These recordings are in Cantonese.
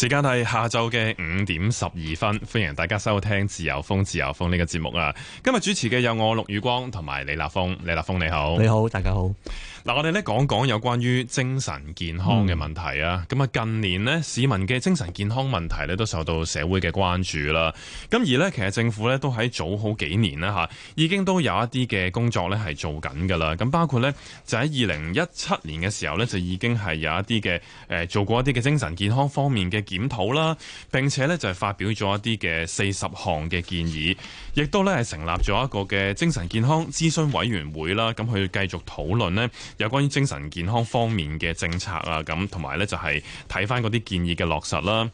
時間係下晝嘅五點十二分，歡迎大家收聽《自由風》自由風呢個節目啊，今日主持嘅有我陸宇光同埋李立峰，李立峰你好，你好，大家好。嗱，我哋咧講講有關於精神健康嘅問題啊！咁、嗯、啊，近年呢，市民嘅精神健康問題咧都受到社會嘅關注啦。咁而呢，其實政府呢都喺早好幾年啦吓，已經都有一啲嘅工作呢係做緊噶啦。咁包括呢，就喺二零一七年嘅時候呢，就已經係有一啲嘅誒做過一啲嘅精神健康方面嘅檢討啦，並且呢，就係發表咗一啲嘅四十項嘅建議，亦都呢係成立咗一個嘅精神健康諮詢委員會啦，咁去繼續討論呢。有關於精神健康方面嘅政策啊，咁同埋呢，就係睇返嗰啲建議嘅落實啦。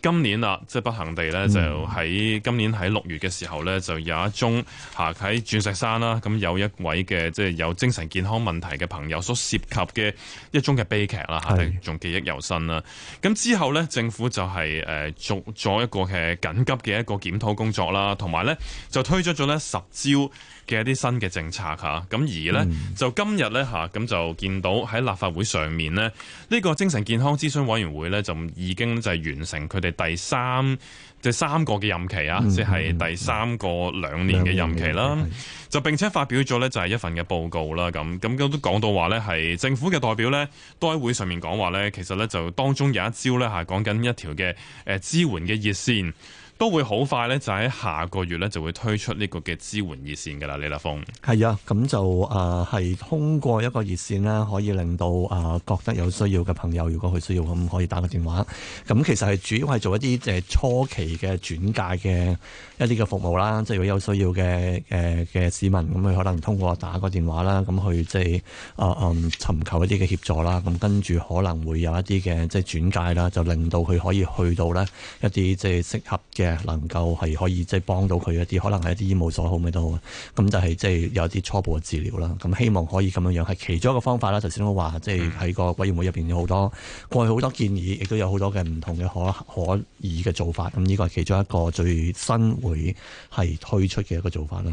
今年啊，即、就、係、是、不幸地咧，就喺、嗯、今年喺六月嘅時候咧，就有一宗吓喺鑽石山啦，咁有一位嘅即係有精神健康問題嘅朋友所涉及嘅一宗嘅悲劇啦吓，仲記憶猶新啦。咁之後咧，政府就係、是、誒、呃、做咗一個嘅緊急嘅一個檢討工作啦，同埋咧就推出咗咧十招嘅一啲新嘅政策吓，咁、啊、而咧、嗯、就今日咧吓咁就見到喺立法會上面咧呢、這個精神健康諮詢委員會咧就已經就係完成佢哋。第三即係三個嘅任期啊、嗯，即係第三個兩年嘅任期啦、嗯嗯嗯。就並且發表咗呢，就係一份嘅報告啦。咁咁都講到話呢，係政府嘅代表呢，都喺會上面講話呢，其實呢，就當中有一招呢，係，講緊一條嘅誒、呃、支援嘅熱線。都會好快咧，就喺下個月咧就會推出呢個嘅支援熱線嘅啦，李立峰係啊，咁就誒係、呃、通過一個熱線啦，可以令到啊、呃、覺得有需要嘅朋友，如果佢需要咁可以打個電話。咁其實係主要係做一啲即係初期嘅轉介嘅一啲嘅服務啦。即係如果有需要嘅誒嘅市民，咁佢可能通過打個電話啦，咁去即係誒誒尋求一啲嘅協助啦。咁跟住可能會有一啲嘅即係轉介啦，就令到佢可以去到咧一啲即係適合嘅。能夠係可以即係幫到佢一啲，可能係一啲醫務所好咩都好，咁就係即係有啲初步嘅治療啦。咁希望可以咁樣樣，係其中一個方法啦。頭先都話即係喺個委員會入邊有好多，過去好多建議亦都有好多嘅唔同嘅可可以嘅做法。咁呢個係其中一個最新會係推出嘅一個做法啦。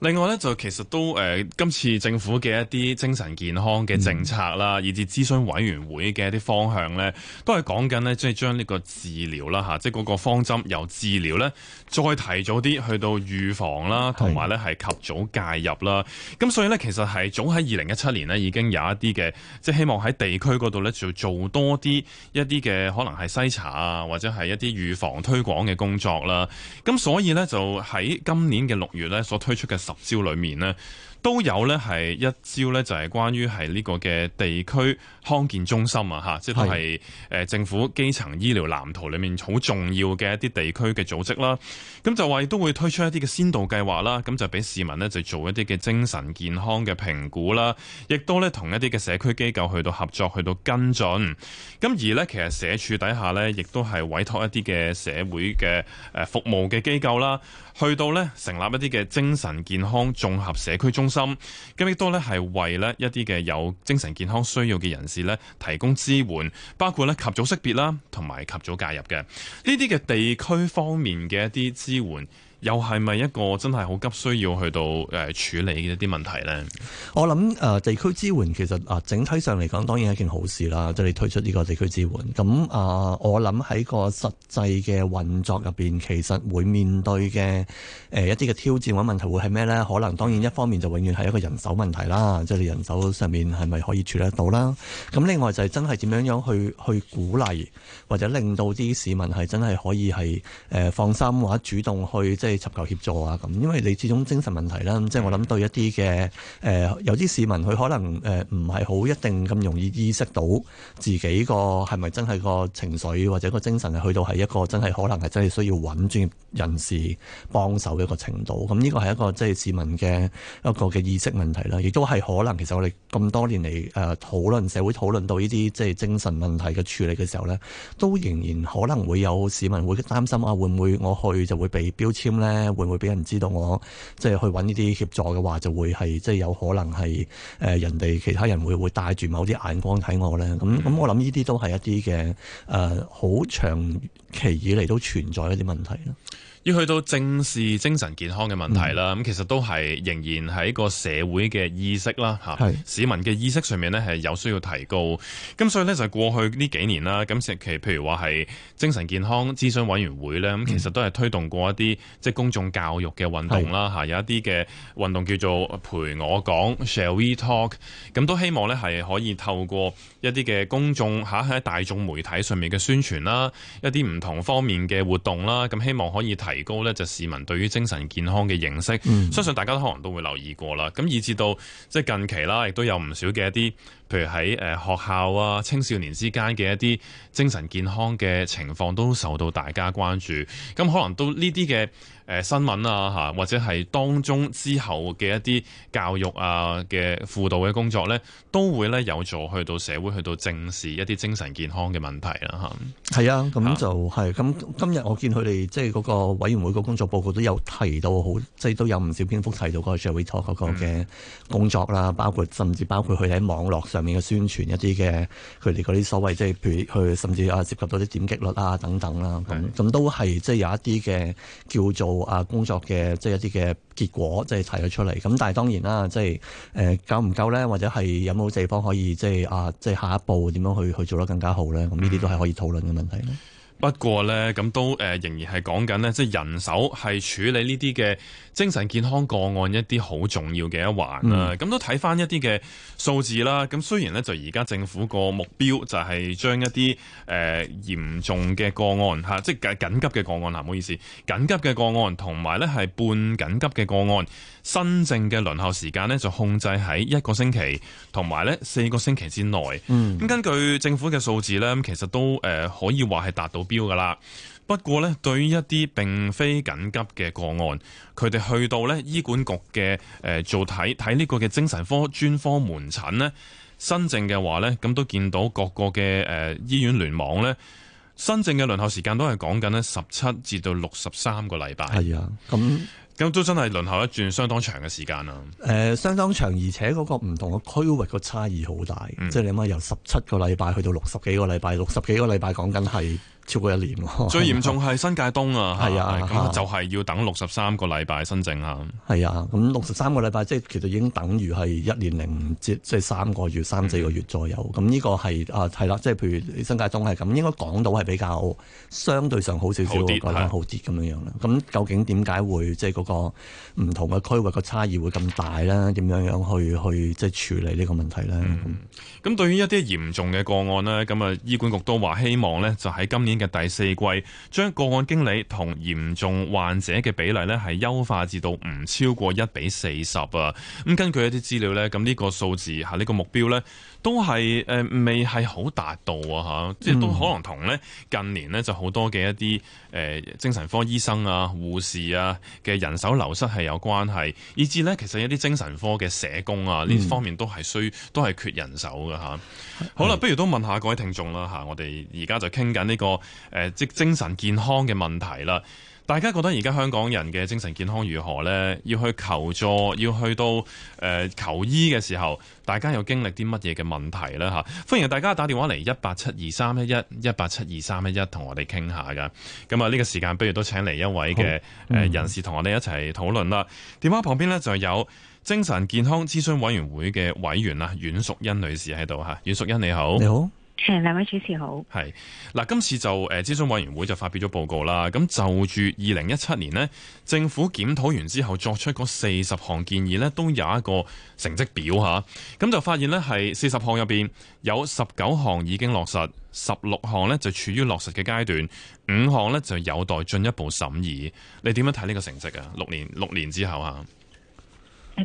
另外咧就其實都誒、呃、今次政府嘅一啲精神健康嘅政策啦、嗯，以至諮詢委員會嘅一啲方向咧，都係講緊咧，即係將呢個治療啦吓，即係嗰個方針由醫療咧，再提早啲去到預防啦，同埋咧係及早介入啦。咁所以咧，其實係早喺二零一七年咧，已經有一啲嘅，即係希望喺地區嗰度咧，就做多啲一啲嘅可能係篩查啊，或者係一啲預防推廣嘅工作啦。咁所以咧，就喺今年嘅六月咧，所推出嘅十招裡面咧，都有咧，係一招咧，就係關於係呢個嘅地區康健中心啊，吓，即係誒政府基層醫療藍圖裏面好重要嘅一啲地區嘅組織啦。咁就話亦都會推出一啲嘅先導計劃啦，咁就俾市民咧就做一啲嘅精神健康嘅評估啦，亦都咧同一啲嘅社區機構去到合作，去到跟進，咁而咧，其實社署底下咧，亦都係委託一啲嘅社會嘅誒服務嘅機構啦，去到咧成立一啲嘅精神健康綜合社區中心。心咁，亦都咧，係為咧一啲嘅有精神健康需要嘅人士咧，提供支援，包括咧及早識別啦，同埋及早介入嘅呢啲嘅地區方面嘅一啲支援。又係咪一個真係好急需要去到誒處理嘅一啲問題咧？我諗誒、呃、地區支援其實啊整體上嚟講當然係一件好事啦。即、就是、你推出呢個地區支援。咁啊、呃，我諗喺個實際嘅運作入邊其實會面對嘅誒、呃、一啲嘅挑戰或者問題會係咩咧？可能當然一方面就永遠係一個人手問題啦。即、就、你、是、人手上面係咪可以處理得到啦？咁另外就係真係點樣樣去去鼓勵或者令到啲市民係真係可以係誒、呃、放心或者主動去即、就是尋求協助啊咁，因為你始終精神問題啦，即係我諗對一啲嘅誒有啲市民佢可能誒唔係好一定咁容易意識到自己個係咪真係個情緒或者個精神去到係一個真係可能係真係需要揾專業人士幫手嘅一個程度，咁呢個係一個即係市民嘅一個嘅意識問題啦，亦都係可能其實我哋咁多年嚟誒討論社會討論到呢啲即係精神問題嘅處理嘅時候咧，都仍然可能會有市民會擔心啊，會唔會我去就會被標籤。咧會唔會俾人知道我即係、即係、去揾呢啲協助嘅話就，就會係即係有可能係誒人哋其他人會會帶住某啲眼光睇我咧？咁咁，我諗呢啲都係一啲嘅誒好長期以嚟都存在一啲問題咯。要去到正視精神健康嘅問題啦，咁、嗯、其實都係仍然喺個社會嘅意識啦，嚇市民嘅意識上面咧係有需要提高。咁所以咧就係過去呢幾年啦，咁期譬如話係精神健康諮詢委員會咧，咁、嗯、其實都係推動過一啲即係公眾教育嘅運動啦，吓有一啲嘅運動叫做陪我講 shall we talk？咁都希望咧係可以透過一啲嘅公眾吓喺大眾媒體上面嘅宣傳啦，一啲唔同方面嘅活動啦，咁希望可以提。提高咧就市民對於精神健康嘅認識、嗯，相信大家都可能都會留意過啦。咁以至到即係近期啦，亦都有唔少嘅一啲，譬如喺誒學校啊、青少年之間嘅一啲精神健康嘅情況，都受到大家關注。咁可能都呢啲嘅。誒新聞啊，嚇或者係當中之後嘅一啲教育啊嘅輔導嘅工作咧，都會咧有助去到社會去到正視一啲精神健康嘅問題啦，嚇。係啊，咁、啊、就係咁、啊、今日我見佢哋即係嗰個委員會個工作報告都有提到，好即係都有唔少篇幅提到嗰個 Shall We Talk 嗰個嘅工作啦，嗯、包括甚至包括佢喺網絡上面嘅宣傳一啲嘅佢哋嗰啲所謂即係、就是、譬如佢甚至啊涉及到啲點擊率啊等等啦、啊，咁咁都係即係有一啲嘅叫做。啊！工作嘅即係一啲嘅結果出，即係提咗出嚟。咁但係當然啦，即係誒夠唔夠咧？或者係有冇地方可以即係啊？即係下一步點樣去去做得更加好咧？咁呢啲都係可以討論嘅問題。嗯嗯。不過咧，咁都誒仍然係講緊咧，即係人手係處理呢啲嘅。精神健康個案一啲好重要嘅一環啦，咁、嗯、都睇返一啲嘅數字啦。咁雖然咧，就而家政府個目標就係將一啲誒、呃、嚴重嘅個案、啊、即緊急嘅個案啊，唔好意思，緊急嘅個案同埋咧係半緊急嘅個案，新症嘅輪候時間咧就控制喺一個星期同埋咧四個星期之內。咁、嗯、根據政府嘅數字咧，其實都、呃、可以話係達到標㗎喇。不過咧，對於一啲並非緊急嘅個案，佢哋去到咧醫管局嘅誒做睇睇呢個嘅精神科專科門診咧，新症嘅話咧，咁都見到各個嘅誒醫院聯網咧，新症嘅輪候時間都係講緊咧十七至到六十三個禮拜。係啊，咁、嗯、咁都真係輪候一轉相當長嘅時間啦。誒、呃，相當長，而且嗰個唔同嘅區域個差異好大，嗯、即係你諗下由十七個禮拜去到六十幾個禮拜，六十幾個禮拜講緊係。超過一年，最嚴重係新界東啊，係啊，咁、啊嗯嗯嗯、就係要等六十三個禮拜新症啊。係啊，咁六十三個禮拜即係其實已經等於係一年零，即係三個月、三四個月左右。咁、嗯、呢個係啊係啦、啊，即係譬如新界東係咁，應該講到係比較相對上好少少的，我覺好啲咁樣樣啦。咁、啊、究竟點解會即係嗰個唔同嘅區域嘅差異會咁大咧？點樣樣去去即係處理呢個問題咧？咁、嗯嗯、對於一啲嚴重嘅個案呢，咁啊醫管局都話希望呢，就喺今年。嘅第四季，將個案經理同嚴重患者嘅比例呢係優化至到唔超過一比四十啊！咁根據一啲資料呢，咁呢個數字吓，呢個目標呢。都係誒、呃、未係好達到啊！嚇，即係都可能同咧近年咧就好多嘅一啲誒、呃、精神科醫生啊、護士啊嘅人手流失係有關係，以至咧其實一啲精神科嘅社工啊呢、嗯、方面都係需都係缺人手㗎。嚇、啊。好啦，不如都問下各位聽眾啦嚇、啊，我哋而家就傾緊呢個即、呃、精神健康嘅問題啦。大家覺得而家香港人嘅精神健康如何呢？要去求助，要去到誒、呃、求醫嘅時候，大家又經歷啲乜嘢嘅問題呢？嚇、啊，歡迎大家打電話嚟一八七二三一一一八七二三一一，同我哋傾下噶。咁啊，呢、呢個時間不如都請嚟一位嘅誒、呃、人士同我哋一齊討論啦、嗯。電話旁邊呢，就有精神健康諮詢委員會嘅委員啦，阮淑茵女士喺度嚇。阮淑茵你好。你好。係，兩位主持好，係，嗱，今次就誒，諮詢委員會就發表咗報告啦。咁就住二零一七年呢，政府檢討完之後作出嗰四十項建議呢，都有一個成績表吓。咁就發現呢係四十項入邊有十九項已經落實，十六項呢就處於落實嘅階段，五項呢就有待進一步審議。你點樣睇呢個成績啊？六年六年之後吓。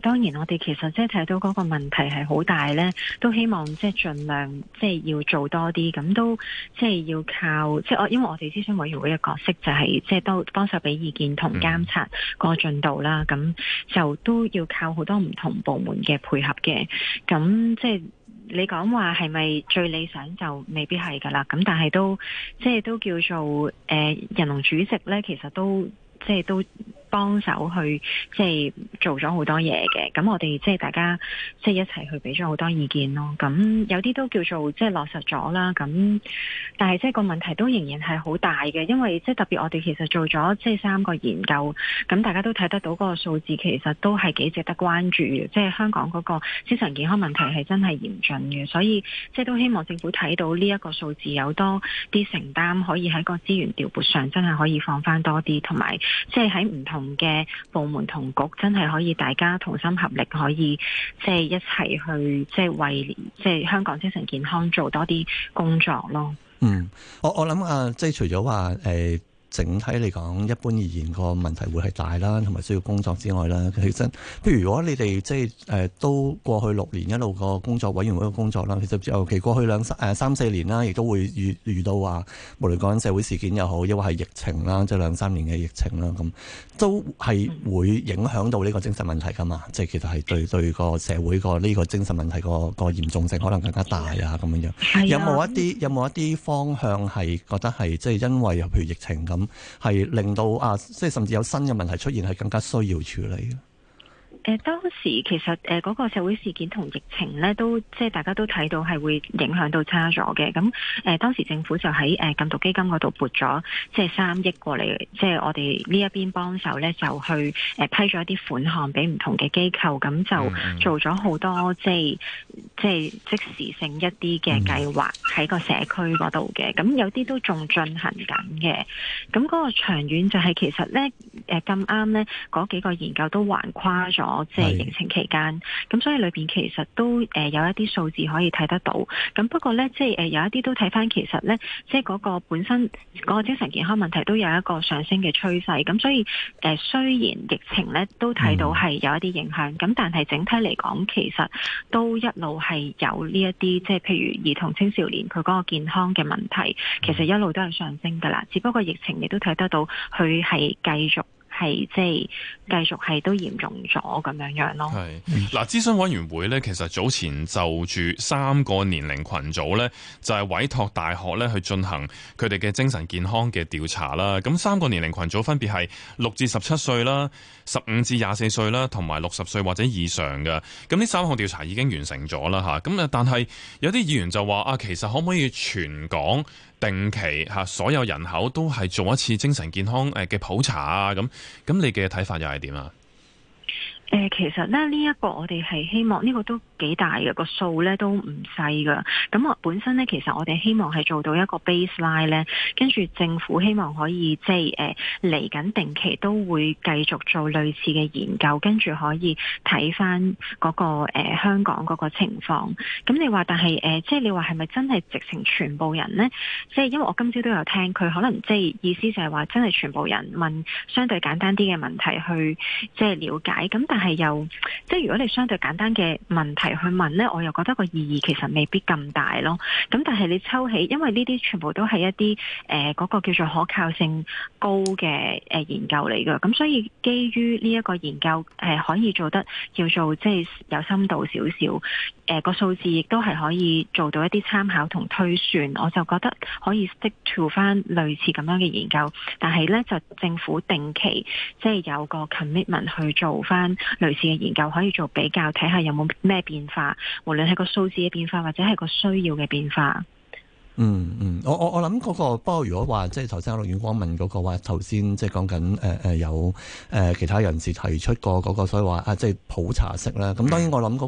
當然我哋其實即係睇到嗰個問題係好大呢，都希望即係盡量即係要做多啲，咁都即係要靠即係我，因為我哋諮詢委員會嘅角色就係即係都幫手俾意見同監察個進度啦，咁、嗯、就都要靠好多唔同部門嘅配合嘅，咁即係你講話係咪最理想就未必係㗎喇，咁但係都即係、就是、都叫做誒、呃，人龍主席呢，其實都即係、就是、都。幫手去即係做咗好多嘢嘅，咁我哋即係大家即係一齊去俾咗好多意見咯。咁有啲都叫做即係落實咗啦。咁但係即係個問題都仍然係好大嘅，因為即係特別我哋其實做咗即係三個研究，咁大家都睇得到個數字其實都係幾值得關注嘅。即係香港嗰個精神健康問題係真係嚴峻嘅，所以即係都希望政府睇到呢一個數字有多啲承擔，可以喺個資源調撥上真係可以放翻多啲，同埋即係喺唔同嘅部門同局真係可以大家同心合力，可以即係一齊去即係為即係香港精神健康做多啲工作咯。嗯，我我諗啊，即係除咗話誒。欸整體嚟講，一般而言個問題會係大啦，同埋需要工作之外啦。其實譬如如果你哋即係誒都過去六年一路個工作委員會嘅工作啦，其實尤其、呃、過去兩三誒三四年啦，亦都會遇遇到話無論講緊社會事件又好，抑或係疫情啦，即係兩三年嘅疫情啦，咁都係會影響到呢個精神問題㗎嘛。即係其實係對對個社會個呢個精神問題個、個嚴重性可能更加大啊咁樣樣，嗯、有冇一啲、嗯、有冇一啲方向係覺得係即係因為又譬如疫情咁？係令到啊，即係甚至有新嘅問題出現，係更加需要處理嘅。誒當時其實誒嗰個社會事件同疫情咧，都即係大家都睇到係會影響到差咗嘅。咁誒當時政府就喺誒禁毒基金嗰度撥咗即係三億過嚟，即係我哋呢一邊幫手咧，就去誒批咗一啲款項俾唔同嘅機構，咁就做咗好多即係即係即，即，即，即時性一啲嘅計劃喺個社區嗰度嘅。咁有啲都仲進行緊嘅。咁嗰個長遠就係其實咧誒咁啱咧，嗰幾個研究都還跨咗。我即係疫情期間，咁所以裏邊其實都誒有一啲數字可以睇得到。咁不過呢，即係誒有一啲都睇翻，其實呢，即係嗰個本身嗰個精神健康問題都有一個上升嘅趨勢。咁所以誒雖然疫情呢都睇到係有一啲影響，咁、嗯、但係整體嚟講，其實都一路係有呢一啲，即係譬如兒童青少年佢嗰個健康嘅問題、嗯，其實一路都係上升㗎啦。只不過疫情亦都睇得到佢係繼續。係即係繼續係都嚴重咗咁樣樣咯。係嗱，諮詢委員會呢，其實早前就住三個年齡群組呢，就係委託大學呢去進行佢哋嘅精神健康嘅調查啦。咁三個年齡群組分別係六至十七歲啦、十五至廿四歲啦，同埋六十歲或者以上嘅。咁呢三項調查已經完成咗啦，吓咁啊。但係有啲議員就話啊，其實可唔可以全港？定期吓，所有人口都係做一次精神健康誒嘅普查啊，咁咁，你嘅睇法又係點啊？誒、呃，其實咧，呢、這、一個我哋係希望呢、這個都。幾大嘅、個數咧都唔細㗎，咁我本身咧其實我哋希望係做到一個 baseline 咧，跟住政府希望可以即係誒嚟緊定期都會繼續做類似嘅研究，跟住可以睇返嗰個、呃、香港嗰個情況。咁你話但係誒，即、呃、係、就是、你話係咪真係直情全部人咧？即、就、係、是、因為我今朝都有聽佢，可能即係、就是、意思就係話真係全部人問相對簡單啲嘅問題去即係了解。咁但係又即係、就是、如果你相對簡單嘅問題，去問咧，我又覺得個意義其實未必咁大咯。咁但係你抽起，因為呢啲全部都係一啲誒、呃嗰個叫做可靠性高嘅誒研究嚟嘅，咁所以基於呢一個研究，誒可以做得叫做即係、就是、有深度少少。誒、呃嗰個數字亦都係可以做到一啲參考同推算。我就覺得可以 stick to 翻類似咁樣嘅研究。但係咧，就政府定期即係、就是、有個 commitment 去做翻類似嘅研究，可以做比較睇下有冇咩變化。變化，無論係個數字嘅變化，或者係個需要嘅變化。嗯嗯，我我我諗嗰個，不過如果話即係頭先陸遠光問嗰個話，頭先即係講緊誒誒有誒、呃、其他人士提出過嗰個說，所以話啊即係、就是、普查式啦。咁當然我諗嗰、嗰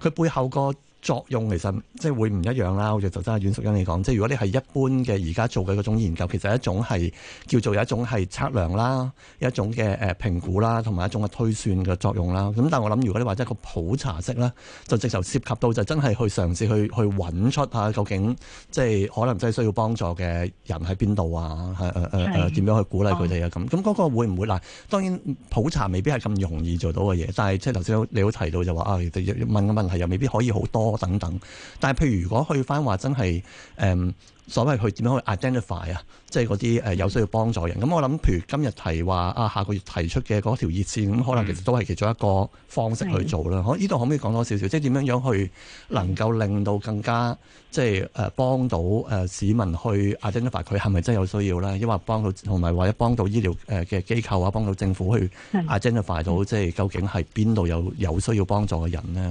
個佢、嗯、背後個。作用其實即係會唔一樣啦。好似就真係阮淑茵你講，即係如果你係一般嘅而家做嘅嗰種研究，其實一種係叫做有一種係測量啦，一種嘅誒評估啦，同埋一種嘅推算嘅作用啦。咁但係我諗，如果你話者係個普查式咧，就直頭涉及到就真係去嘗試去去揾出下究竟即係可能真係需要幫助嘅人喺邊度啊？係誒誒點樣去鼓勵佢哋啊？咁咁嗰個會唔會嗱？當然普查未必係咁容易做到嘅嘢，但係即係頭先你好提到就話啊、哎，問嘅問題又未必可以好多。等等，但係，譬如如果去翻話真係誒，所謂佢點樣去 identify 啊，即係嗰啲誒有需要幫助人。咁、嗯、我諗，譬如今日提話啊，下個月提出嘅嗰條熱線，咁、嗯、可能其實都係其中一個方式去做啦。可呢度可唔可以講多少少，即係點樣樣去能夠令到更加即係誒幫到誒市民去 identify 佢係咪真係有需要咧？抑或幫到同埋或者幫到，到醫療誒嘅機構啊，幫到政府去 identify、嗯、到即係究竟係邊度有有需要幫助嘅人咧？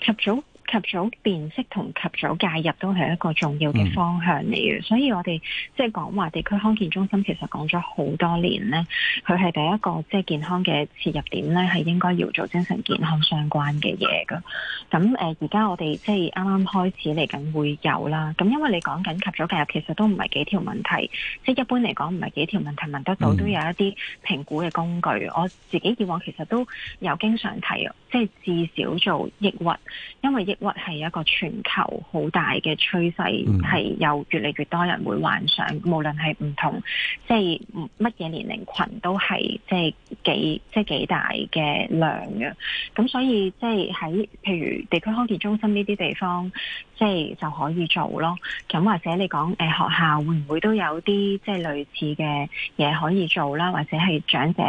咁及早。及早辨識同及早介入都係一個重要嘅方向嚟嘅、嗯，所以我哋即係講話地區康健中心其實講咗好多年咧，佢係第一個即係、就是、健康嘅切入點咧，係應該要做精神健康相關嘅嘢噶。咁誒、而、呃、家我哋即係啱啱開始嚟緊會有啦。咁因為你講緊及早介入，其實都唔係幾條問題，即、就、係、是、一般嚟講唔係幾條問題問得到、嗯，都有一啲評估嘅工具。我自己以往其實都有經常睇。即係至少做抑鬱，因為抑鬱係一個全球好大嘅趨勢，係、嗯、有越嚟越多人會患上，無論係唔同即係乜嘢年齡群都係即係幾即係幾大嘅量嘅。咁所以即係喺譬如地區康健中心呢啲地方，即係就可以做咯。咁或者你講誒、呃、學校會唔會都有啲即係類似嘅嘢可以做啦，或者係長者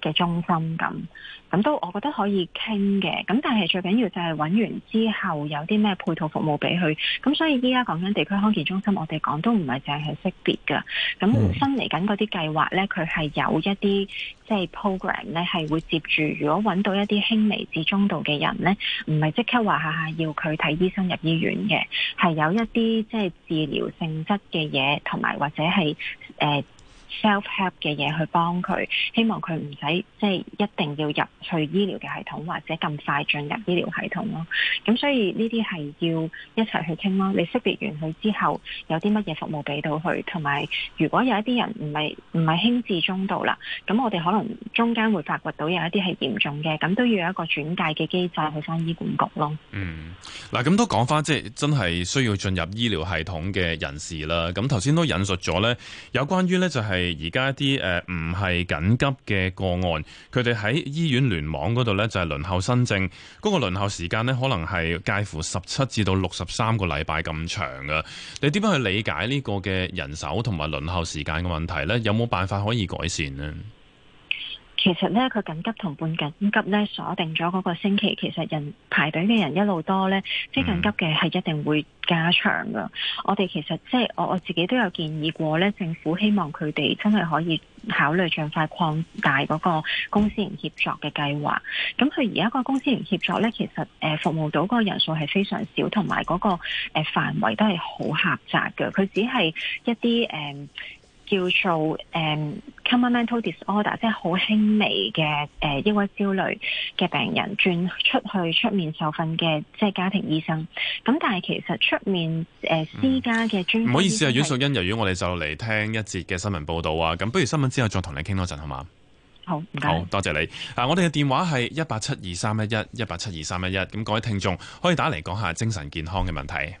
嘅中心咁。咁都，我覺得可以傾嘅。咁但係最緊要就係揾完之後有啲咩配套服務俾佢。咁所以依家講緊地區康健中心，我哋講都唔係淨係識別噶。咁新嚟緊嗰啲計劃咧，佢係有一啲即係 program 咧，係會接住。如果揾到一啲輕微至中度嘅人咧，唔係即刻話下下要佢睇醫生入醫院嘅，係有一啲即係治療性質嘅嘢，同埋或者係誒。Self help 嘅嘢去幫佢，希望佢唔使即係一定要入去醫療嘅系統，或者咁快進入醫療系統咯。咁所以呢啲係要一齊去傾咯。你識別完佢之後，有啲乜嘢服務俾到佢，同埋如果有一啲人唔係唔係輕至中度啦，咁我哋可能中間會發掘到有一啲係嚴重嘅，咁都要有一個轉介嘅機制去翻醫管局咯。嗯，嗱咁都講翻，即係真係需要進入醫療系統嘅人士啦。咁頭先都引述咗呢，有關於呢就係。而家一啲唔係緊急嘅個案，佢哋喺醫院聯網嗰度呢，就係、是、輪候新症，嗰、那個輪候時間呢，可能係介乎十七至到六十三個禮拜咁長㗎。你點樣去理解呢個嘅人手同埋輪候時間嘅問題呢？有冇辦法可以改善呢？其實咧，佢緊急同半緊急咧鎖定咗嗰個星期，其實人排隊嘅人一路多咧、嗯，即緊急嘅係一定會加長噶。我哋其實即我我自己都有建議過咧，政府希望佢哋真係可以考慮儘快擴大嗰個公私營協作嘅計劃。咁佢而家個公私營協作咧，其實服務到嗰個人數係非常少，同埋嗰個誒範圍都係好狹窄㗎。佢只係一啲叫做誒、um, common mental disorder，即係好輕微嘅誒抑鬱焦慮嘅病人轉出去出面受訓嘅即係家庭醫生。咁但係其實出面誒、呃嗯、私家嘅專唔好意思啊，阮淑茵，由於我哋就嚟聽一節嘅新聞報導啊，咁不如新聞之後再同你傾多陣好嘛？好，唔該多謝你。嗱、啊，我哋嘅電話係一八七二三一一一八七二三一一，咁各位聽眾可以打嚟講下精神健康嘅問題。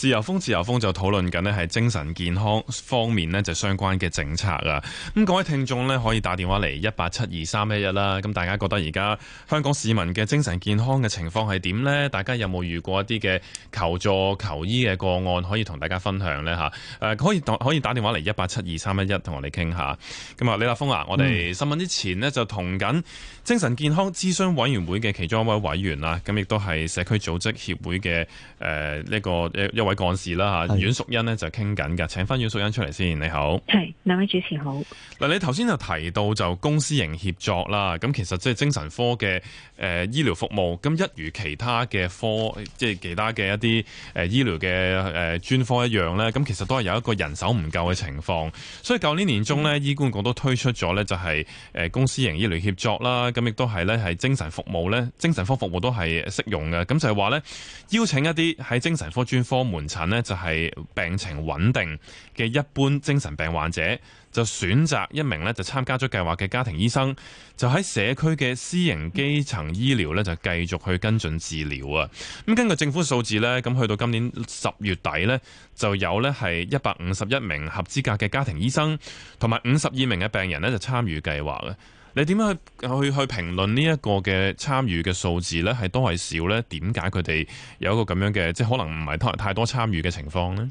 自由風自由風就討論緊咧，係精神健康方面咧，就相關嘅政策啊。咁各位聽眾咧，可以打電話嚟一八七二三一一啦。咁大家覺得而家香港市民嘅精神健康嘅情況係點呢？大家有冇遇過一啲嘅求助求醫嘅個案，可以同大家分享呢？嚇，誒可以可以打電話嚟一八七二三一一，同我哋傾下。咁啊，李立峰啊，嗯、我哋新聞之前咧就同緊精神健康諮詢委員會嘅其中一位委員啊，咁亦都係社區組織協會嘅誒呢個一位位幹事啦嚇，阮淑茵呢就傾緊㗎，請返阮淑茵出嚟先，你好。係兩位主持好。嗱，你頭先就提到就公私營協作啦，咁其實即係精神科嘅誒醫療服務，咁一如其他嘅科，即係其他嘅一啲誒醫療嘅誒專科一樣咧，咁其實都係有一個人手唔夠嘅情況，所以舊年年中呢，醫管局都推出咗呢，就係誒公私營醫療協作啦，咁亦都係咧係精神服務呢。精神科服務都係適用嘅，咁就係話呢，邀請一啲喺精神科專科。門診咧就係病情穩定嘅一般精神病患者，就選擇一名咧就參加咗計劃嘅家庭醫生，就喺社區嘅私營基層醫療咧就繼續去跟進治療啊。咁根據政府數字咧，咁去到今年十月底咧，就有咧係一百五十一名合資格嘅家庭醫生，同埋五十二名嘅病人咧就參與計劃嘅。你點樣去去去評論呢一個嘅參與嘅數字咧，係多係少咧？點解佢哋有一個咁樣嘅，即係可能唔係太太多參與嘅情況咧？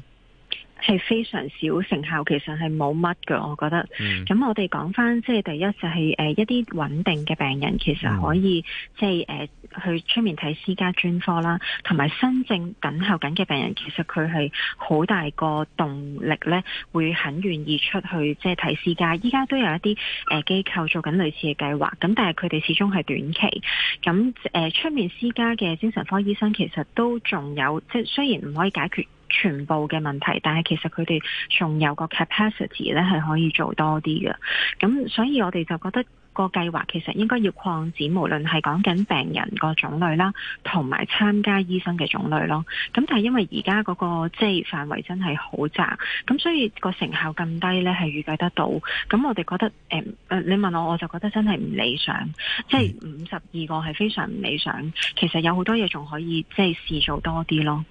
係非常少成效，其實係冇乜嘅，我覺得。咁、嗯、我哋講翻即係第一就係誒一啲穩定嘅病人，其實可以即係誒去出面睇私家專科啦，同埋新症等候緊嘅病人，其實佢係好大個動力咧，會很願意出去即係睇私家。依家都有一啲誒機構做緊類似嘅計劃，咁但係佢哋始終係短期。咁誒出面私家嘅精神科醫生其實都仲有，即係雖然唔可以解決全部嘅問題，但係其實佢哋仲有個 capacity 咧，係可以做多啲嘅。咁所以我哋就覺得個計劃其實應該要擴展，無論係講緊病人個種類啦，同埋參加醫生嘅種類咯。咁但係因為而家嗰個即係範圍真係好窄，咁所以個成效咁低咧係預計得到。咁我哋覺得、呃、呃、你問我我就覺得真係唔理想，即係五十二個係非常唔理想。其實有好多嘢仲可以即係試做多啲咯。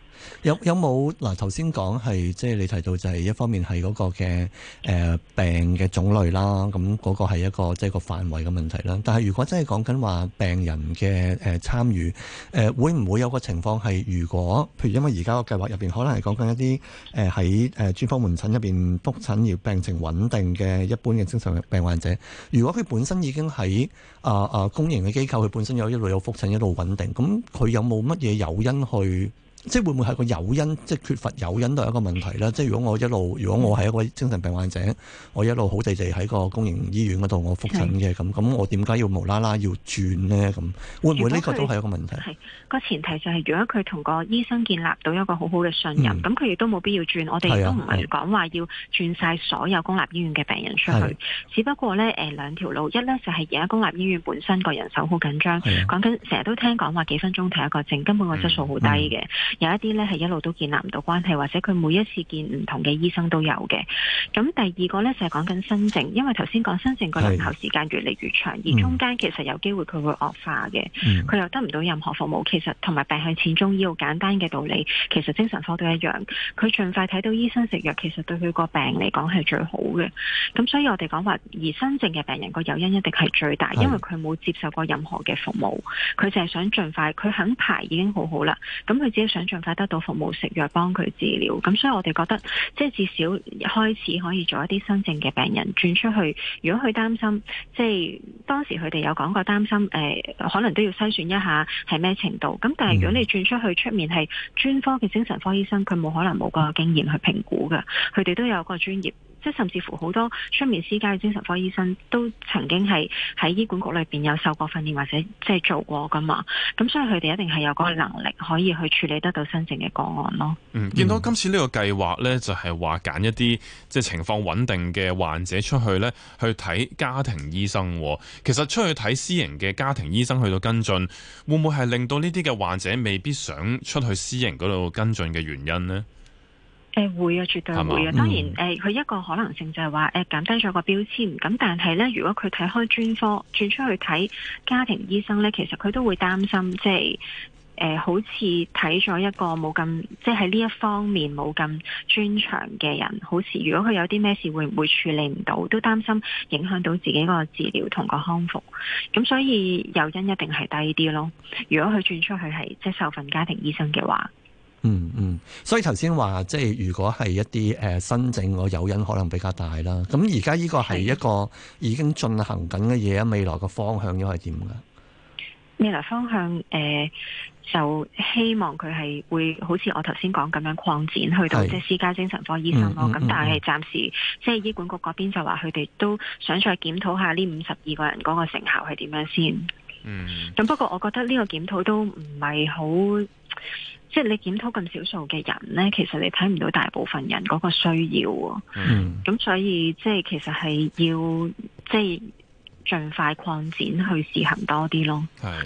有有冇？嗱，頭先講係即係你提到，就係一方面係嗰個嘅誒、呃、病嘅種類啦。咁、嗯、嗰、那個係一個即係、就是、個範圍嘅問題啦。但係如果真係講緊話病人嘅誒參與誒，會唔會有個情況係？如果譬如因為而家個計劃入邊可能係講緊一啲誒喺誒專科門診入邊復診而病情穩定嘅一般嘅精神病患者，如果佢本身已經喺啊啊公營嘅機構，佢本身有一路有復診，一路穩定，咁佢有冇乜嘢誘因去？即係會唔會係個誘因，即係缺乏誘因都係一個問題啦。即係如果我一路，如果我係一個精神病患者，我一路好地地喺個公營醫院嗰度我復診嘅，咁咁我點解要無啦啦要轉呢？咁會唔會呢個都係一個問題？係個前提就係、是，如果佢同個醫生建立到一個好好嘅信任，咁佢亦都冇必要轉。我哋亦都唔係講話要轉晒所有公立醫院嘅病人出去，啊、只不過呢誒兩條路，一呢，就係而家公立醫院本身個人手好緊張，講緊成日都聽講話幾分鐘睇一個症，根本個質素好低嘅。嗯嗯有一啲咧係一路都建立唔到關係，或者佢每一次見唔同嘅醫生都有嘅。咁第二個咧就係講緊新症，因為頭先講新症個輪候時間越嚟越長，而中間其實有機會佢會惡化嘅。佢、嗯、又得唔到任何服務，其實同埋病向淺中醫好簡單嘅道理，其實精神科都一樣。佢儘快睇到醫生食藥，其實對佢個病嚟講係最好嘅。咁所以我哋講話，而新症嘅病人個誘因一定係最大，因為佢冇接受過任何嘅服務，佢淨係想儘快，佢肯排已經好好啦。咁佢只要，想。想盡快得到服務食藥幫佢治療，咁所以我哋覺得，即係至少開始可以做一啲新症嘅病人轉出去。如果佢擔心，即係當時佢哋有講過擔心，誒、呃，可能都要篩選一下係咩程度。咁但係如果你轉出去出面係專科嘅精神科醫生，佢冇可能冇個經驗去評估嘅，佢哋都有個專業。即係甚至乎好多出面私家嘅精神科醫生都曾經係喺醫管局裏邊有受過訓練或者即係做過噶嘛，咁所以佢哋一定係有個能力可以去處理得到新症嘅個案咯。嗯，見到今次這個呢個計劃咧，就係話揀一啲即係情況穩定嘅患者出去咧去睇家庭醫生，喔。其實出去睇私營嘅家庭醫生去到跟進，會唔會係令到呢啲嘅患者未必想出去私營嗰度跟進嘅原因咧？會啊，絕對會啊！當然，誒、呃，佢一個可能性就係話，誒、呃，減低咗個標籤。咁但係咧，如果佢睇開專科，轉出去睇家庭醫生咧，其實佢都會擔心，即係，誒、呃，好似睇咗一個冇咁，即係喺呢一方面冇咁專長嘅人，好似如果佢有啲咩事，會唔會處理唔到？都擔心影響到自己個治療同個康復。咁所以，誘因一定係低啲咯。如果佢轉出去係即係受訓家庭醫生嘅話。嗯嗯，所以頭先話即係如果係一啲誒、呃、新政個誘因可能比較大啦。咁而家呢個係一個已經進行緊嘅嘢啊，未來個方向應該係點噶？未來方向誒、呃，就希望佢係會好似我頭先講咁樣擴展去到即係私家精神科醫生咯。咁、嗯、但係暫時即係、嗯就是、醫管局嗰邊就話佢哋都想再檢討下呢五十二個人嗰個成效係點樣先。嗯。咁不過我覺得呢個檢討都唔係好。即係你檢討咁少數嘅人呢，其實你睇唔到大部分人嗰個需要喎。咁、嗯、所以即係其實係要即係。盡快擴展去試行多啲咯。係，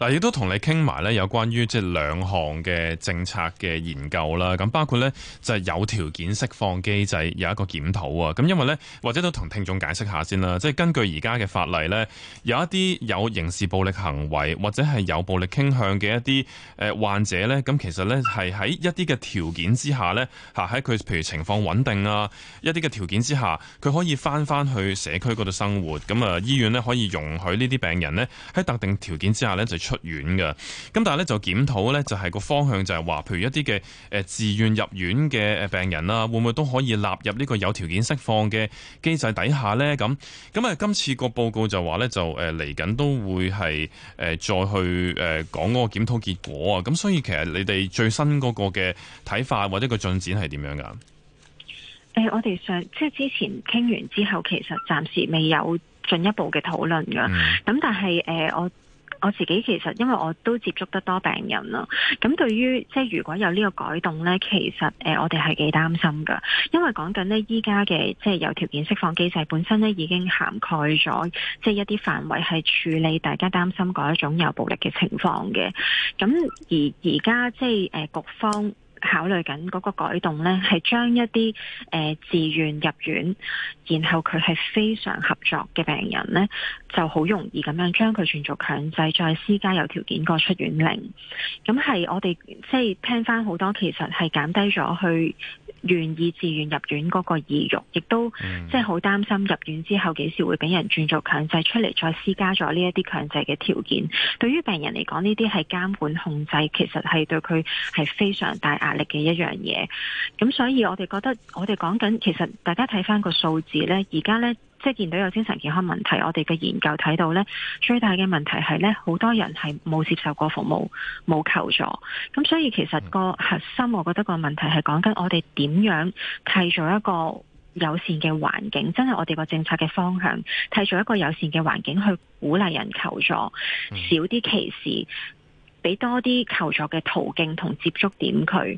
嗱亦都同你傾埋咧，有關於即係兩項嘅政策嘅研究啦。咁包括咧就係有條件釋放機制有一個檢討啊。咁因為咧，或者都同聽眾解釋下先啦。即係根據而家嘅法例咧，有一啲有刑事暴力行為或者係有暴力傾向嘅一啲誒患者咧，咁其實咧係喺一啲嘅條件之下咧，嚇喺佢譬如情況穩定啊，一啲嘅條件之下，佢可以翻翻去社區嗰度生活。咁啊醫院咧可以容許呢啲病人呢，喺特定條件之下呢，就出院噶，咁但係咧就檢討呢，就係個方向就係話，譬如一啲嘅誒自願入院嘅誒病人啦，會唔會都可以納入呢個有條件釋放嘅機制底下呢？咁咁啊，今次個報告就話呢，就誒嚟緊都會係誒再去誒講嗰個檢討結果啊。咁所以其實你哋最新嗰個嘅睇法或者個進展係點樣噶？誒、呃，我哋上即係之前傾完之後，其實暫時未有。進一步嘅討論嘅，咁但係誒、呃，我我自己其實因為我都接觸得多病人啦，咁對於即係如果有呢個改動咧，其實誒、呃、我哋係幾擔心嘅，因為講緊咧依家嘅即係有條件釋放機制本身咧已經涵蓋咗即係一啲範圍係處理大家擔心嗰一種有暴力嘅情況嘅，咁而而家即係誒、呃、局方考慮緊嗰個改動呢，係將一啲誒、呃、自願入院，然後佢係非常合作嘅病人呢，就好容易咁樣將佢轉作強制，再施加有條件個出院令。咁係我哋即係聽翻好多，其實係減低咗去。願意、自願入院嗰個意欲，亦都即係好擔心入院之後幾時會俾人轉作強制出嚟，再施加咗呢一啲強制嘅條件。對於病人嚟講，呢啲係監管控制，其實係對佢係非常大壓力嘅一樣嘢。咁所以我哋覺得，我哋覺得我哋講緊，其實大家睇翻個數字現在呢，而家呢。即係見到有精神健康問題，我哋嘅研究睇到呢，最大嘅問題係呢，好多人係冇接受過服務，冇求助。咁所以其實個核心，我覺得個問題係講緊我哋點樣替造一個友善嘅環境，真係我哋個政策嘅方向，替造一個友善嘅環境去鼓勵人求助，少啲歧視。俾多啲求助嘅途徑同接觸點佢，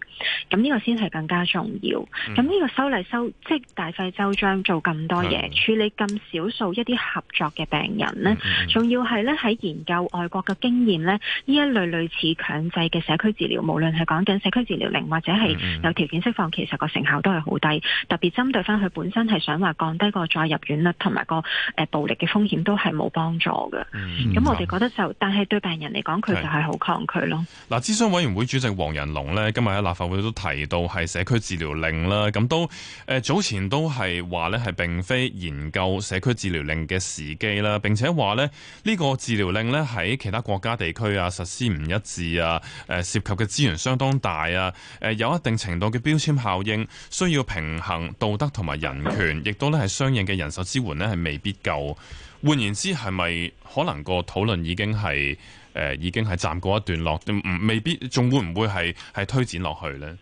咁呢個先係更加重要。咁、嗯、呢個修例修即係大費周章做咁多嘢，處理咁少數一啲合作嘅病人呢仲、嗯、要係咧喺研究外國嘅經驗呢，呢一類類似強制嘅社區治療，無論係講緊社區治療令或者係有條件釋放，其實個成效都係好低。特別針對翻佢本身係想話降低個再入院率同埋個誒暴力嘅風險，都係冇幫助嘅。咁、嗯、我哋覺得就，嗯、但係對病人嚟講，佢就係好確。佢咯，嗱，諮詢委員會主席黃仁龍咧，今日喺立法會都提到係社區治療令啦，咁都誒，早前都係話呢係，並非研究社區治療令嘅時機啦，並且話咧呢個治療令咧喺其他國家地區啊實施唔一致啊，誒，涉及嘅資源相當大啊，誒，有一定程度嘅標籤效應，需要平衡道德同埋人權，亦都咧係相應嘅人手支援呢係未必夠。換言之，係咪可能個討論已經係？誒，已經係暫告一段落，唔，未必仲會唔會係係推展落去咧？誒、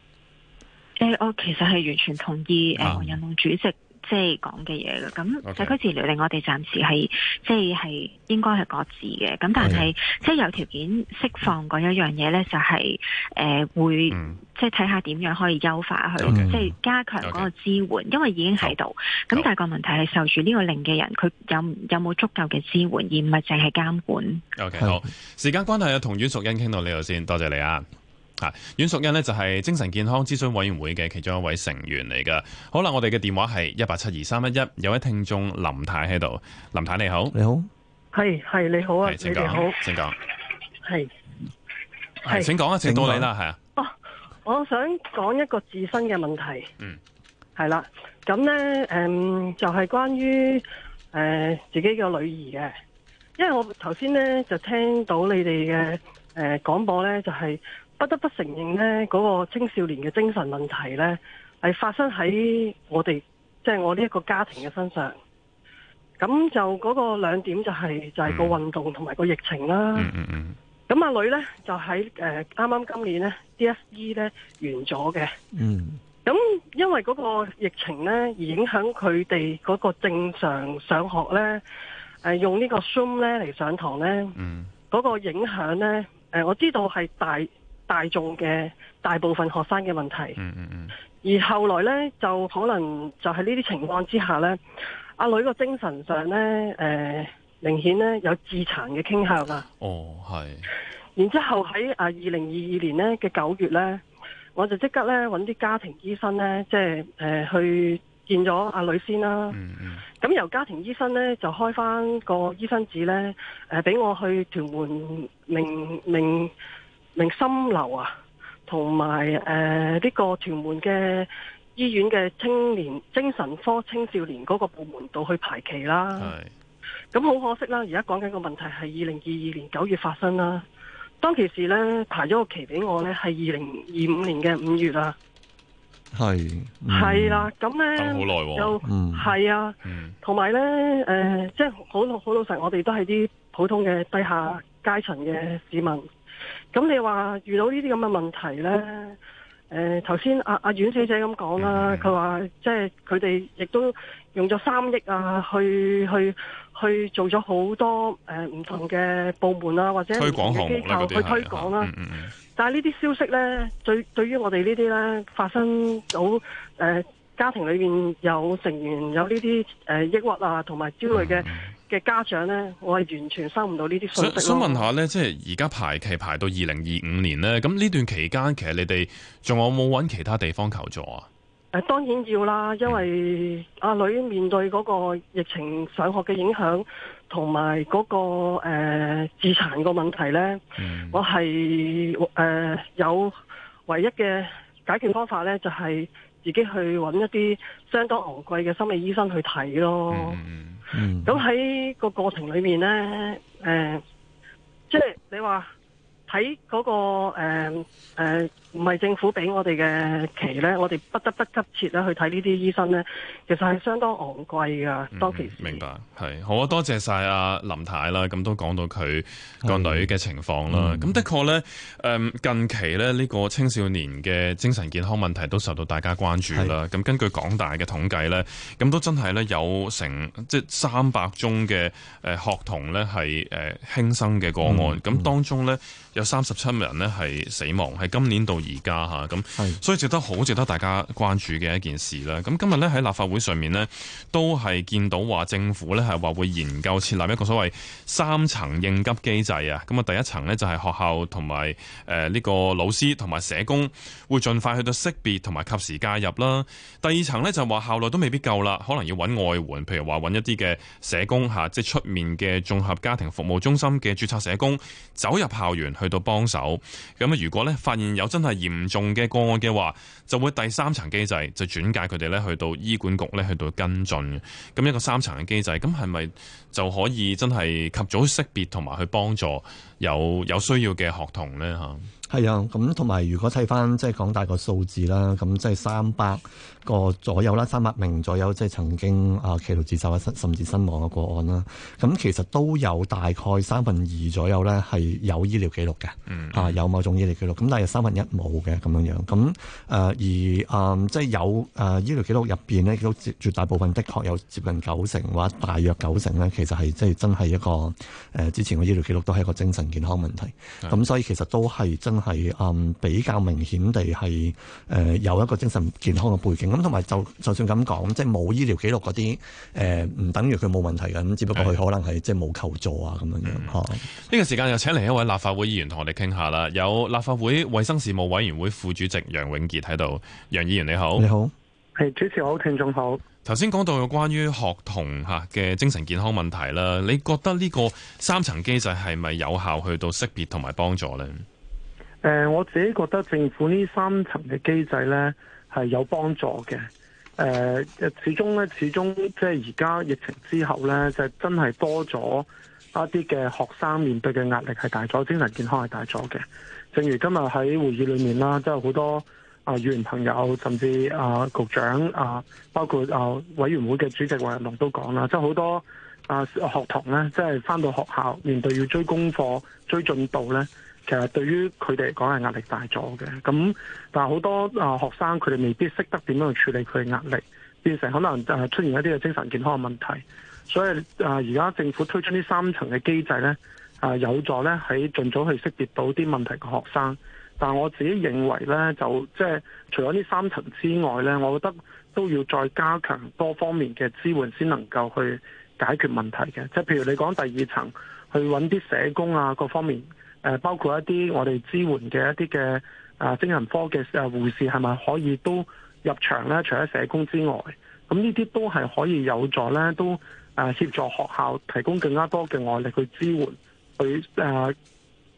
呃，我其實係完全同意誒，黃仁龍主席。呃即係講嘅嘢嘅，咁社區治療令我哋暫時係即係係應該係各自嘅，咁但係、okay. 即係有條件釋放嗰一樣嘢咧，就係、是、誒、呃、會、嗯、即係睇下點樣可以優化佢，okay. 即係加強嗰個支援，okay. 因為已經喺度。咁但係個問題係受住呢個令嘅人，佢有有冇足夠嘅支援，而唔係淨係監管。O、okay, K，好，時間關係啊，同阮淑茵傾到呢度先，多謝你啊。啊，阮淑茵呢，就係精神健康諮詢委員會嘅其中一位成員嚟噶。好啦，我哋嘅電話係一八七二三一一，有位聽眾林太喺度。林太你好，你好，係係你好啊，請你好，請講，係係，請講啊，請到你啦，係啊。哦，我想講一個自身嘅問題，嗯，係啦、啊，咁呢，誒、嗯，就係、是、關於誒、呃、自己嘅女兒嘅，因為我頭先呢，就聽到你哋嘅誒廣播呢，就係、是。不得不承認呢嗰、那個青少年嘅精神問題呢，係發生喺我哋，即、就、係、是、我呢一個家庭嘅身上。咁就嗰個兩點就係、是、就係、是、個運動同埋個疫情啦。咁、mm、阿 -hmm. 女呢，就喺誒啱啱今年呢，DSE 呢完咗嘅。嗯。咁因為嗰個疫情呢，而影響佢哋嗰個正常上學呢，誒、呃、用呢個 Zoom 呢嚟上堂呢，嗰、mm -hmm. 個影響呢，誒、呃、我知道係大。大眾嘅大部分學生嘅問題，嗯嗯嗯，而後來呢，就可能就係呢啲情況之下呢，阿女個精神上呢，誒、呃、明顯呢有自殘嘅傾向啊。哦，係。然之後喺啊二零二二年呢嘅九月呢，我就即刻呢揾啲家庭醫生呢，即係誒、呃、去見咗阿女先啦。嗯咁、嗯、由家庭醫生呢，就開翻個醫生紙呢，誒、呃、俾我去屯門令令。明明明心流啊，同埋，誒呢個屯門嘅醫院嘅青年精神科青少年嗰個部門度去排期啦。係咁好可惜啦，而家講緊個問題係二零二二年九月發生啦。當其時咧排咗個期俾我咧係二零二五年嘅五月啦，係係、嗯、啦，咁咧好耐喎。係啊。同埋咧誒，即係好老好老實，我哋都係啲普通嘅低下階層嘅市民。咁你話遇到呢啲咁嘅問題呢？誒、呃，頭先阿阿阮小姐咁講啦，佢話即係佢哋亦都用咗三億啊，去去去做咗好多誒唔、呃、同嘅部門啊，或者唔同嘅機構去推廣啦、啊。但係呢啲消息呢，對對於我哋呢啲呢發生到誒、呃、家庭裏面有成員有呢啲誒抑鬱啊，同埋焦慮嘅嘅家長呢，我係完全收唔到呢啲信息咯。想，想問下呢，即係而家排期排到二零二五年呢？咁呢段期間其實你哋仲有冇揾其他地方求助啊？當、呃、當然要啦，因為阿女面對嗰個疫情上學嘅影響，同埋嗰個、呃、自殘嘅問題呢，嗯、我係、呃、有唯一嘅解決方法呢，就係、是、自己去揾一啲相當昂貴嘅心理醫生去睇咯。嗯嗯，咁喺個過程裏面咧，誒，即係你話。睇嗰、嗰個誒唔係政府俾我哋嘅期咧，我哋不得不急切咧去睇呢啲醫生咧，其實係相當昂貴噶。多、嗯、其明白，係好啊，多謝晒阿林太啦，咁都講到佢個女嘅情況啦。咁的，的確咧，誒近期咧呢、呢個青少年嘅精神健康問題都受到大家關注啦。咁根據港大嘅統計咧，咁都真係咧有成即三百宗嘅誒學童咧係誒輕生嘅個案，咁、嗯、當中咧。嗯有三十七人呢，係死亡，係今年到而家吓，咁，係，所以值得好值得大家關注嘅一件事啦。咁今日咧喺立法會上面咧，都係見到話政府咧係話會研究設立一個所謂三層應急機制啊。咁啊，第一層咧就係學校同埋誒呢個老師同埋社工會盡快去到識別同埋及時加入啦。第二層咧就話校內都未必夠啦，可能要揾外援，譬如話揾一啲嘅社工吓，即係出面嘅綜合家庭服務中心嘅注冊社工走入校園去。去到幫手，咁啊，如果咧發現有真係嚴重嘅個案嘅話，就會第三層機制就轉介佢哋咧去到醫管局咧去到跟進，咁一個三層嘅機制，咁係咪就可以真係及早識別同埋去幫助有有需要嘅學童呢吓？係啊，咁同埋如果睇翻即係講大個數字啦，咁即係三百個左右啦，三百名左右即係、就是、曾經啊、呃、企圖自殺甚至身亡嘅個案啦。咁其實都有大概三分二左右咧係有醫療記錄嘅、嗯啊，有某種醫療記錄。咁但係三分一冇嘅咁樣樣。咁、呃、而即係、呃就是、有誒、呃、醫療記錄入面咧，都絕大部分的確有接近九成或者大約九成咧，其實係即係真係一個誒、呃、之前嘅醫療記錄都係一個精神健康問題。咁、嗯、所以其實都係真。係、嗯、誒，比較明顯地係誒、呃，有一個精神健康嘅背景咁，同、嗯、埋就就算咁講，即係冇醫療記錄嗰啲誒，唔、呃、等於佢冇問題嘅，咁只不過佢可能係、嗯、即係冇求助這、嗯、啊，咁樣樣。呢個時間又請嚟一位立法會議員同我哋傾下啦，有立法會衛生事務委員會副主席楊永杰喺度。楊議員你好。你好，係主持好，聽眾好。頭先講到有關於學童吓嘅精神健康問題啦，你覺得呢個三層機制係咪有效去到識別同埋幫助呢？誒，我自己覺得政府呢三層嘅機制呢係有幫助嘅。誒、呃，始終咧，始終即係而家疫情之後呢，就是、真係多咗一啲嘅學生面對嘅壓力係大咗，精神健康係大咗嘅。正如今日喺會議裏面啦，即係好多啊，議員朋友，甚至啊局長啊，包括啊委員會嘅主席黃仁龍都講啦，即係好多啊學童呢，即係返到學校面對要追功課、追進度呢。其實對於佢哋嚟講係壓力大咗嘅，咁但係好多啊、呃、學生佢哋未必識得點樣去處理佢嘅壓力，變成可能就係出現一啲嘅精神健康嘅問題。所以啊，呃、而家政府推出呢三層嘅機制呢，啊、呃、有助呢喺盡早去識別到啲問題嘅學生。但係我自己認為呢，就即係除咗呢三層之外呢，我覺得都要再加強多方面嘅支援，先能夠去解決問題嘅。即係譬如你講第二層，去揾啲社工啊各方面。誒包括一啲我哋支援嘅一啲嘅啊精神科嘅啊護士係咪可以都入場咧？除咗社工之外，咁呢啲都係可以有助咧，都誒協助學校提供更加多嘅外力去支援，去誒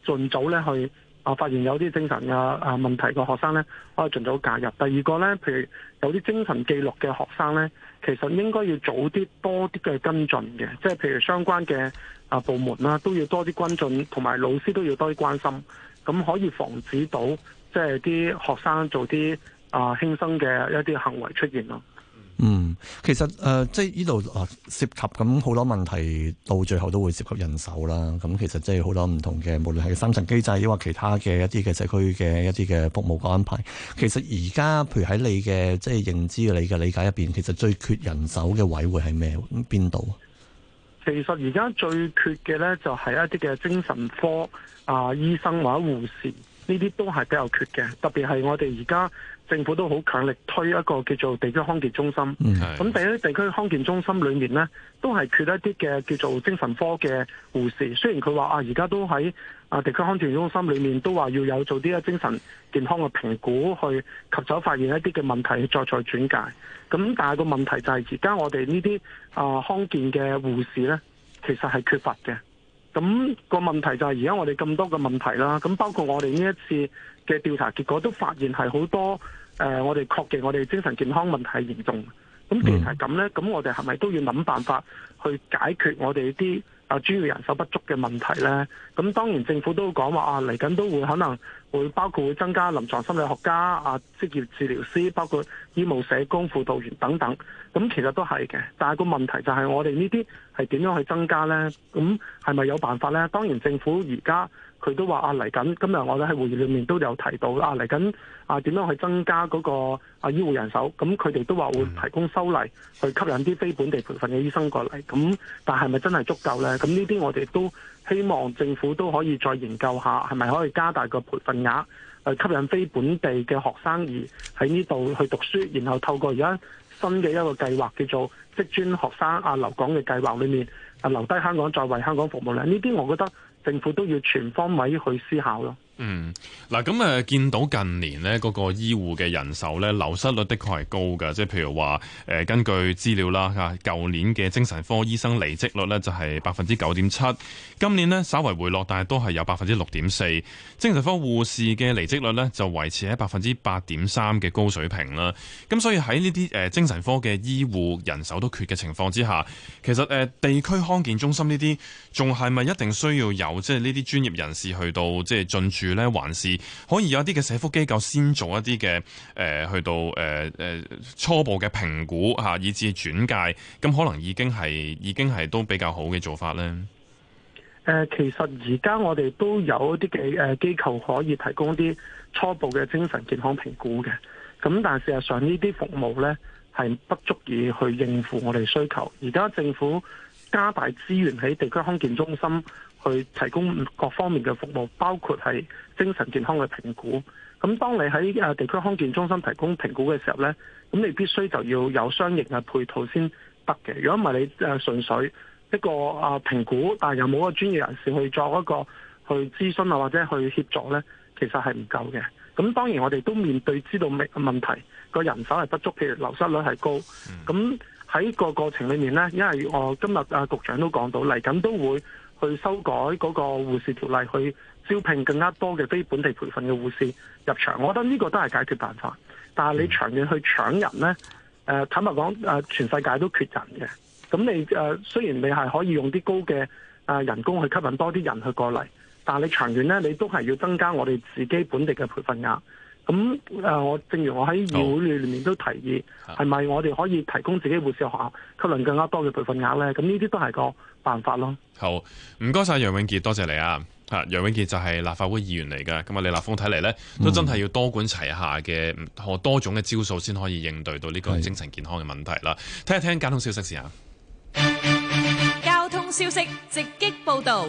盡早咧去。我發現有啲精神嘅啊問題嘅學生咧，可以盡早介入。第二個咧，譬如有啲精神記錄嘅學生咧，其實應該要早啲多啲嘅跟進嘅，即係譬如相關嘅啊部門啦，都要多啲跟進，同埋老師都要多啲關心，咁可以防止到即係啲學生做啲啊輕生嘅一啲行為出現咯。嗯，其實誒，即係呢度涉及咁好多問題，到最後都會涉及人手啦。咁其實即係好多唔同嘅，無論係三層機制，抑或者其他嘅一啲嘅社區嘅一啲嘅服務嘅安排。其實而家，譬如喺你嘅即係認知、你嘅理解入邊，其實最缺人手嘅位會係咩？咁邊度？其實而家最缺嘅咧，就係一啲嘅精神科啊醫生或者護士。呢啲都係比較缺嘅，特別係我哋而家政府都好強力推一個叫做地區康健中心。咁第一，地區康健中心裏面呢都係缺一啲嘅叫做精神科嘅護士。雖然佢話啊，而家都喺啊地區康健中心裏面都話要有做啲精神健康嘅評估，去及早發現一啲嘅問題，再再轉介。咁但係個問題就係而家我哋呢啲啊康健嘅護士呢，其實係缺乏嘅。咁個問題就係而家我哋咁多嘅問題啦，咁包括我哋呢一次嘅調查結果都發現係好多誒、呃，我哋確認我哋精神健康問題嚴重。咁既然係咁呢，咁我哋係咪都要諗辦法去解決我哋啲啊主要人手不足嘅問題呢？咁當然政府都講話啊，嚟緊都會可能。會包括會增加臨牀心理學家、啊職業治療師、包括醫務社工、輔導員等等，咁其實都係嘅。但係個問題就係我哋呢啲係點樣去增加呢？咁係咪有辦法呢？當然政府而家佢都話啊嚟緊，今日我哋喺會議裏面都有提到啦，嚟緊啊點樣去增加嗰個啊醫護人手？咁佢哋都話會提供修例去吸引啲非本地培訓嘅醫生過嚟。咁但係咪真係足夠呢？咁呢啲我哋都。希望政府都可以再研究下，係咪可以加大個培訓額去吸引非本地嘅學生而喺呢度去讀書，然後透過而家新嘅一個計劃，叫做職專學生啊留港嘅計劃裏面啊留低香港再為香港服務咧。呢啲我覺得政府都要全方位去思考咯。嗯，嗱咁誒，見到近年咧，嗰個醫護嘅人手咧流失率的確係高噶，即係譬如話誒，根據資料啦吓，舊年嘅精神科醫生離職率咧就係百分之九點七，今年咧稍為回落，但係都係有百分之六點四。精神科護士嘅離職率咧就維持喺百分之八點三嘅高水平啦。咁所以喺呢啲誒精神科嘅醫護人手都缺嘅情況之下，其實誒地區康健中心呢啲仲係咪一定需要有即係呢啲專業人士去到即係進駐？咧還是可以有一啲嘅社福機構先做一啲嘅，誒、呃，去到誒誒、呃，初步嘅評估吓，以至轉介，咁可能已經係，已經係都比較好嘅做法咧。誒、呃，其實而家我哋都有一啲嘅，誒，機構可以提供啲初步嘅精神健康評估嘅，咁但係事實上呢啲服務咧係不足以去應付我哋需求。而家政府加大資源喺地區康健中心，去提供各方面嘅服務，包括係精神健康嘅評估。咁當你喺誒地區康健中心提供評估嘅時候咧，咁你必須就要有相應嘅配套先得嘅。如果唔係，你誒純粹一個啊評估，但係又冇個專業人士去作一個去諮詢啊，或者去協助咧，其實係唔夠嘅。咁當然我哋都面對知道嘅問題，個人手係不足，譬如流失率係高。咁喺個過程裏面咧，因為我今日啊局長都講到嚟緊都會。去修改嗰個護士條例，去招聘更加多嘅非本地培訓嘅護士入場。我覺得呢個都係解決辦法，但係你長遠去搶人呢，坦白講，誒，全世界都缺人嘅。咁你誒，雖然你係可以用啲高嘅誒人工去吸引多啲人去過嚟，但係你長遠呢，你都係要增加我哋自己本地嘅培訓額。咁、嗯呃、我正如我喺議會裏面都提議，係咪我哋可以提供自己護士學校吸納更加多嘅培訓額呢？咁呢啲都係個辦法咯。好，唔該晒，楊永杰，多謝你啊！嚇、啊，楊永杰就係立法會議員嚟㗎。咁啊，李立峯睇嚟呢，都真係要多管齊下嘅，多種嘅招數先可以應對到呢個精神健康嘅問題啦。聽一聽交通消息先啊。交通消息直擊報導。